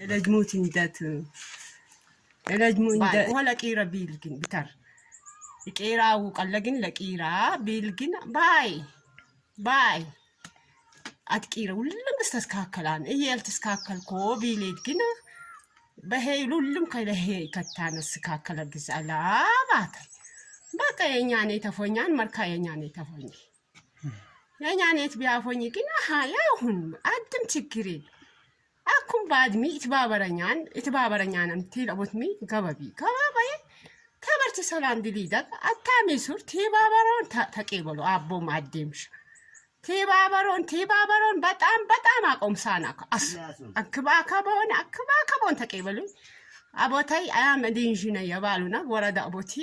ለለጅሙት እንደት ለለጅሙ እንደ ቢልግን ቢታር ቂራው ቀለግን ለቂራ ቢልግን ባይ ባይ አትቂረ ሁሉም ስተስካከላን እያልተስካከል ኮ ቢሌድ ግን በሄል ሁሉም ከለሄ ከታነስ ስካከለ ግዛላ ባታ በቃ የኛኔ ተፎኛን መርካ የኛኔ ተፎኝ የኛኔት ቢያፎኝ ግን ሀ ያሁን አድም ችግር የለም Akkuma baadmii itti baabaranyaan itti baabaranyaanan tiidhabutmii gababii gabaaba'ee tabarti salaan diliidaka attaamii sur tiibaabaroon taqee bolo abboom adeemsha tiibaabaroon tiibaabaroon በጣም በጣም አቆምሳን አስ አክባ ከበሆነ አክባ ከበሆን ተቀበሉኝ አቦታይ አያም ዲንዥነ የባሉና ወረዳ አቦቲ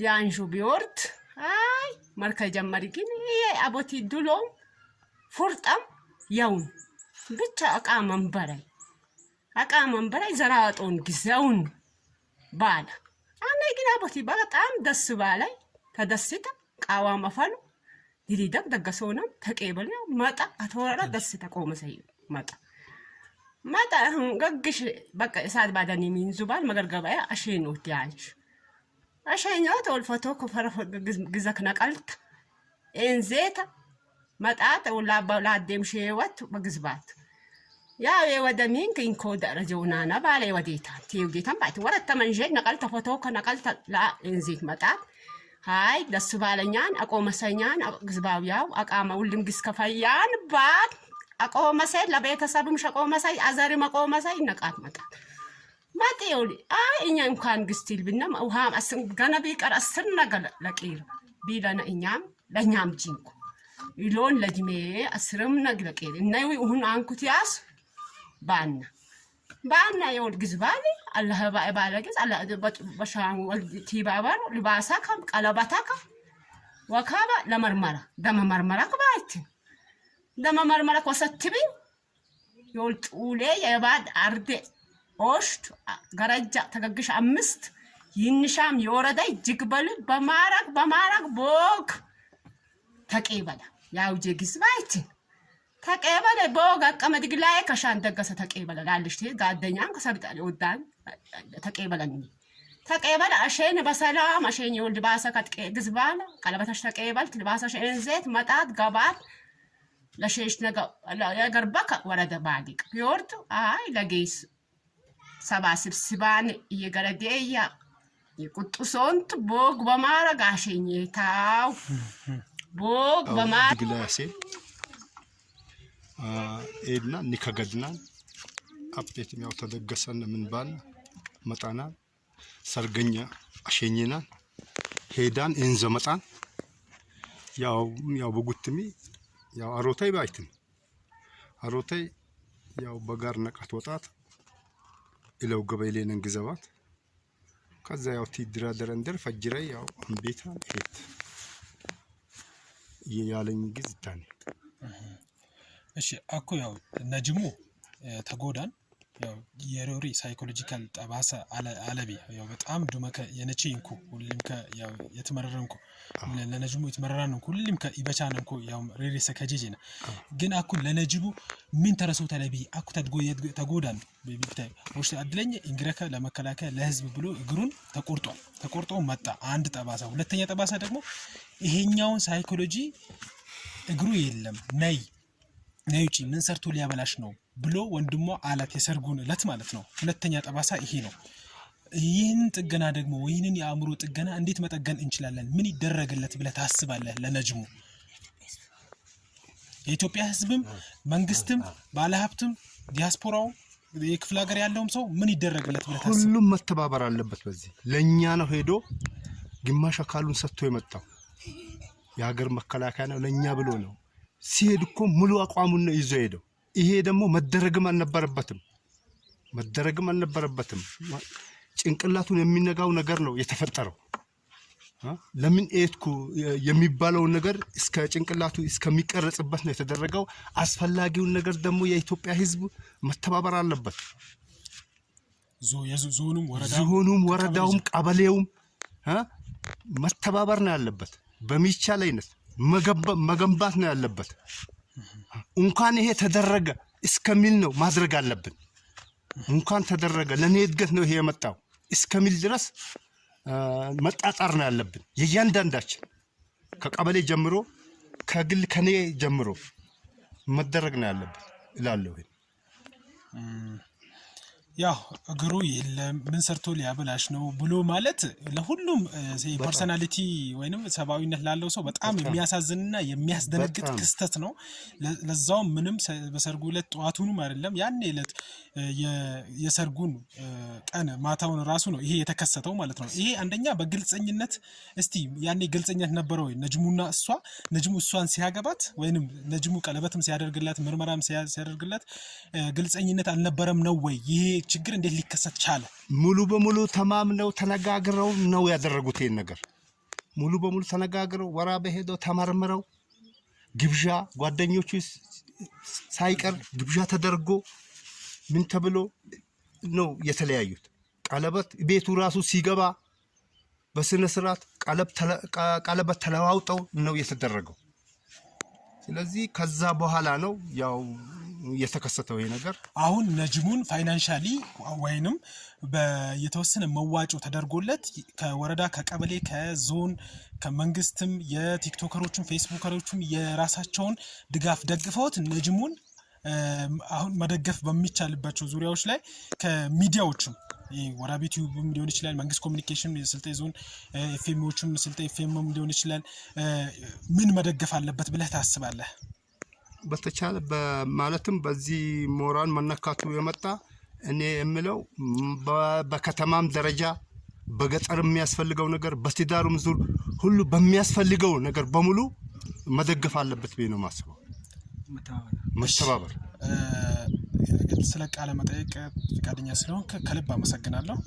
ሊያንሹ ቢወርድ አይ መርከ ጀመሪ ግን ይሄ አቦቲ ድሎም ፉርጠም የውን ብቻ እቃ መንበራይ እቃ መንበራይ ዘራጦን ጊዜውን ባለ አነ ግና ቦቲ በጣም ደስ ባላይ ተደስተ ቃዋ መፈሉ ዲዲደብ ደገሰውናም ተቄበል መጣ አተወራ ደስተ ቆመሰይ መጣ መጣ አሁን ገግሽ በቃ እሳት ባዳኒ ሚንዙባል መገርገባያ አሸኖት ያንሽ አሸኛት ወልፈቶ ኮፈረፈ ግዘክ ነቀልት እንዜታ መጣት ወላባ ላደም ሸወት በግዝባት Yaa'ee wadamiin kin kooda rajoonana baalee wadiita. Tiyogiitan baay'ee waratta manjee naqalta fotoo kan naqalta laa inziit mataa. Haay dasu baalanyaan aqooma sanyaan gizbaawiyaw aqaama ullim giskafayyaan baat aqooma say labeetasabum shaqooma say azarim aqooma say naqaat mataa. Mati oli ay inya inkan gistil binam uham asin gana biqar asin nagal laqir bilana inyam lanyam jinku. Ilon lajme asrim nag laqir. Inayi uhun ankuti asu ባና በአና በአና የወልግዝ ባል አለህባይ ባለግዝ በሻሙ ቲባባሩ ልባሳካ ቀለበታካ ወካባ ለመርመራ ደመ መርመራ ክባይት ደመ መርመራ ወሰትቢ የወልጡሌ የባድ አርዴ ኦሽት ገረጃ ተገግሽ አምስት ይንሻም የወረዳይ ጅግበል በማራቅ በማራቅ ቦክ ተቄበላ ያውጄ ግዝ ባይትን ከቀበለ በወግ አቀመድ ግላይ ከሻን ደገሰ ተቀበለ ላልሽቲ ጋደኛን ከሰብጣል ወዳን ተቀበለኝ ተቀበለ አሸን በሰላም አሸን ይወልድ ባሰ ከጥቀ ግዝባለ ቀለበተሽ ተቀበል ትልባሰ ሸን ዘይት መጣት ገባት ለሸሽ ነገ ለገርባከ ወረደ ባዲቅ ይወርቱ አይ ለጌስ ሰባ ስብስባን እየገረደያ የቁጡሶንት ቦግ በማረግ አሸኝታው ቦግ በማረግ ኤድና ኒከገድናን አፕዴትም ያው ተደገሰን ምን ባል መጣና ሰርገኛ አሸኝናን ሄዳን እንዘ መጣን ያው ያው በጉትሚ ያው አሮታይ ባይትም አሮታይ ያው በጋር ነቃት ወጣት እለው ገበይሌንን ግዘባት ከዛ ያው ቲድራ ደረንደር ፈጅራይ ያው ቤታን ሄት ያለኝ ግዝታን እሺ አኩ ያው ነጅሙ ተጎዳን ያው የሮሪ ሳይኮሎጂካል ጠባሰ አለቤ ያው በጣም ዱመከ የነቺ እንኩ ሁሉም ከ ያው የተመረረ እንኩ ለነጅሙ የተመረራ እንኩ ሁሉም ከ ይበቻን እንኩ ያው ሬሬሰ ሰከጂጂ ነ ግን አኩ ለነጅቡ ምን ተረሰው ተለቢ አኩ ተድጎ ተጎዳን ቢብታይ ወሽ አድለኝ እንግረከ ለመከላከ ለህዝብ ብሎ እግሩን ተቆርጧል ተቆርጦ መጣ አንድ ጠባሳ ሁለተኛ ጠባሳ ደግሞ ይሄኛውን ሳይኮሎጂ እግሩ የለም ነይ ነይ ውጪ ምን ሰርቶ ሊያበላሽ ነው ብሎ ወንድሟ አላት። የሰርጉን እለት ማለት ነው። ሁለተኛ ጠባሳ ይሄ ነው። ይህን ጥገና ደግሞ ወይንን የአእምሮ ጥገና እንዴት መጠገን እንችላለን? ምን ይደረግለት ብለህ ታስባለህ? ለነጅሙ የኢትዮጵያ ሕዝብም መንግስትም ባለሀብትም ዲያስፖራው የክፍለ ሀገር ያለውም ሰው ምን ይደረግለት ብለህ ታስብ? ሁሉም መተባበር አለበት። በዚህ ለእኛ ነው ሄዶ ግማሽ አካሉን ሰጥቶ የመጣው የሀገር መከላከያ ነው፣ ለእኛ ብሎ ነው ሲሄድ እኮ ሙሉ አቋሙን ነው ይዞ ሄደው። ይሄ ደግሞ መደረግም አልነበረበትም መደረግም አልነበረበትም። ጭንቅላቱን የሚነጋው ነገር ነው የተፈጠረው። ለምን ኤትኩ የሚባለውን ነገር እስከ ጭንቅላቱ እስከሚቀረጽበት ነው የተደረገው። አስፈላጊውን ነገር ደግሞ የኢትዮጵያ ሕዝብ መተባበር አለበት። ዞኑም፣ ወረዳውም፣ ቀበሌውም መተባበር ነው ያለበት በሚቻል አይነት መገንባት ነው ያለበት። እንኳን ይሄ ተደረገ እስከሚል ነው ማድረግ አለብን። እንኳን ተደረገ ለእኔ እድገት ነው ይሄ የመጣው እስከሚል ድረስ መጣጣር ነው ያለብን የእያንዳንዳችን ከቀበሌ ጀምሮ ከግል ከኔ ጀምሮ መደረግ ነው ያለብን እላለሁ። ያው እግሩ የለም ምን ሰርቶ ሊያበላሽ ነው ብሎ ማለት ለሁሉም ፐርሶናሊቲ ወይም ሰብአዊነት ላለው ሰው በጣም የሚያሳዝንና የሚያስደነግጥ ክስተት ነው። ለዛውም ምንም በሰርጉ ዕለት ጠዋቱንም አይደለም ያን ዕለት የሰርጉን ቀን ማታውን ራሱ ነው ይሄ የተከሰተው ማለት ነው። ይሄ አንደኛ በግልፀኝነት እስቲ ያኔ ግልፀኝነት ነበረ ወይ ነጅሙና እሷ ነጅሙ እሷን ሲያገባት ወይንም ነጅሙ ቀለበትም ሲያደርግላት ምርመራም ሲያደርግላት ግልፀኝነት አልነበረም ነው ወይ? ይሄ ችግር እንዴት ሊከሰት ቻለ? ሙሉ በሙሉ ተማምነው ተነጋግረው ነው ያደረጉት ይሄን ነገር ሙሉ በሙሉ ተነጋግረው ወራ ሄደው ተመርምረው ግብዣ ጓደኞቹ ሳይቀር ግብዣ ተደርጎ ምን ተብሎ ነው የተለያዩት። ቀለበት ቤቱ ራሱ ሲገባ በስነ ስርዓት ቀለበት ተለዋውጠው ነው የተደረገው። ስለዚህ ከዛ በኋላ ነው ያው የተከሰተው ይሄ ነገር። አሁን ነጅሙን ፋይናንሻሊ ወይንም የተወሰነ መዋጮ ተደርጎለት ከወረዳ ከቀበሌ ከዞን ከመንግስትም የቲክቶከሮችም ፌስቡከሮችም የራሳቸውን ድጋፍ ደግፈውት ነጅሙን አሁን መደገፍ በሚቻልባቸው ዙሪያዎች ላይ ከሚዲያዎችም ወራቤት ቲዩብም ሊሆን ይችላል፣ መንግስት ኮሚኒኬሽን፣ ስልጤ ዞን ኤፍኤምዎችም፣ ስልጤ ኤፍኤምም ሊሆን ይችላል። ምን መደገፍ አለበት ብለህ ታስባለህ? በተቻለ ማለትም በዚህ ሞራል መነካቱ የመጣ እኔ የምለው በከተማም ደረጃ በገጠር የሚያስፈልገው ነገር በስቲዳሩም ዙር ሁሉ በሚያስፈልገው ነገር በሙሉ መደገፍ አለበት ብዬ ነው ማስበው። መሸባበር ስለ ቃለ መጠየቅ ፈቃደኛ ስለሆን ከልብ አመሰግናለሁ።